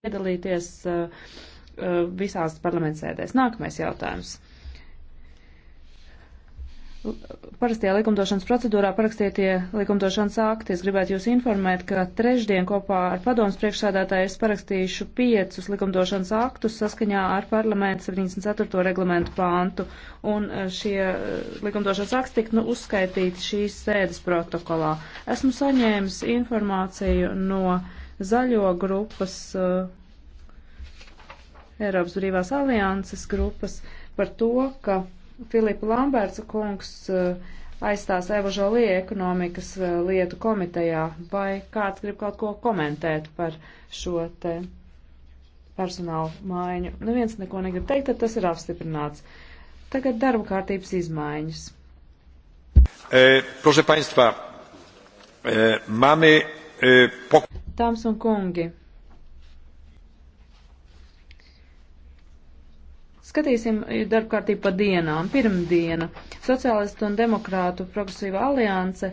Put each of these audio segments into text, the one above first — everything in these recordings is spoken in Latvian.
piedalīties eh, eh, visās parlamentsēdēs. Nākamais jautājums. Parastajā likumdošanas procedūrā parakstītie likumdošanas akti. Es gribētu jūs informēt, ka trešdien kopā ar padomus priekšsādātāju es parakstīšu piecus likumdošanas aktus saskaņā ar parlamentu 74. reglamentu pāntu. Un eh, šie likumdošanas akti tika nu, uzskaitīti šīs sēdes protokolā. Esmu saņēmis informāciju no zaļo grupas, eh, Eiropas brīvās alianses grupas, par to, ka Filipa Lamberts kungs eh, aizstās Eva Žolie ekonomikas eh, lietu komitejā. Vai kāds grib kaut ko komentēt par šo te personālu maiņu? Neviens neko negrib teikt, tad tas ir apstiprināts. Tagad darba kārtības izmaiņas. E, proszę Państwa, e, mamy e, pok Dāmas un kungi, skatīsim darbkārtību pa dienām. Pirmdiena - Sociālistu un Demokrātu progresīva alianse.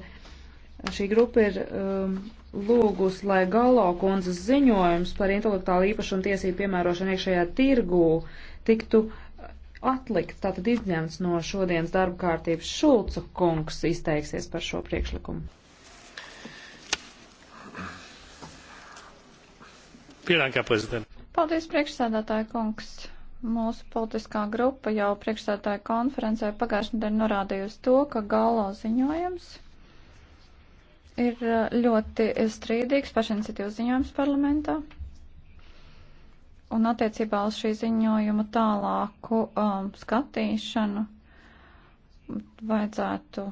Šī grupa ir um, lūgus, lai Galo kundzes ziņojums par intelektuālu īpašumu tiesību piemērošanu iekšējā tirgū tiktu atlikt, tātad izņemts no šodienas darba kārtības. Šulcu kungs izteiksies par šo priekšlikumu. Pielāgā prezidenta. Paldies, priekšsēdētāja kungs. Mūsu politiskā grupa jau priekšsēdētāja konferencē pagājušajā nedēļā norādījusi to, ka galo ziņojums ir eh, ļoti strīdīgs pašiniciatīvas ziņojums parlamentā. Un attiecībā uz šī ziņojuma tālāku um, skatīšanu vajadzētu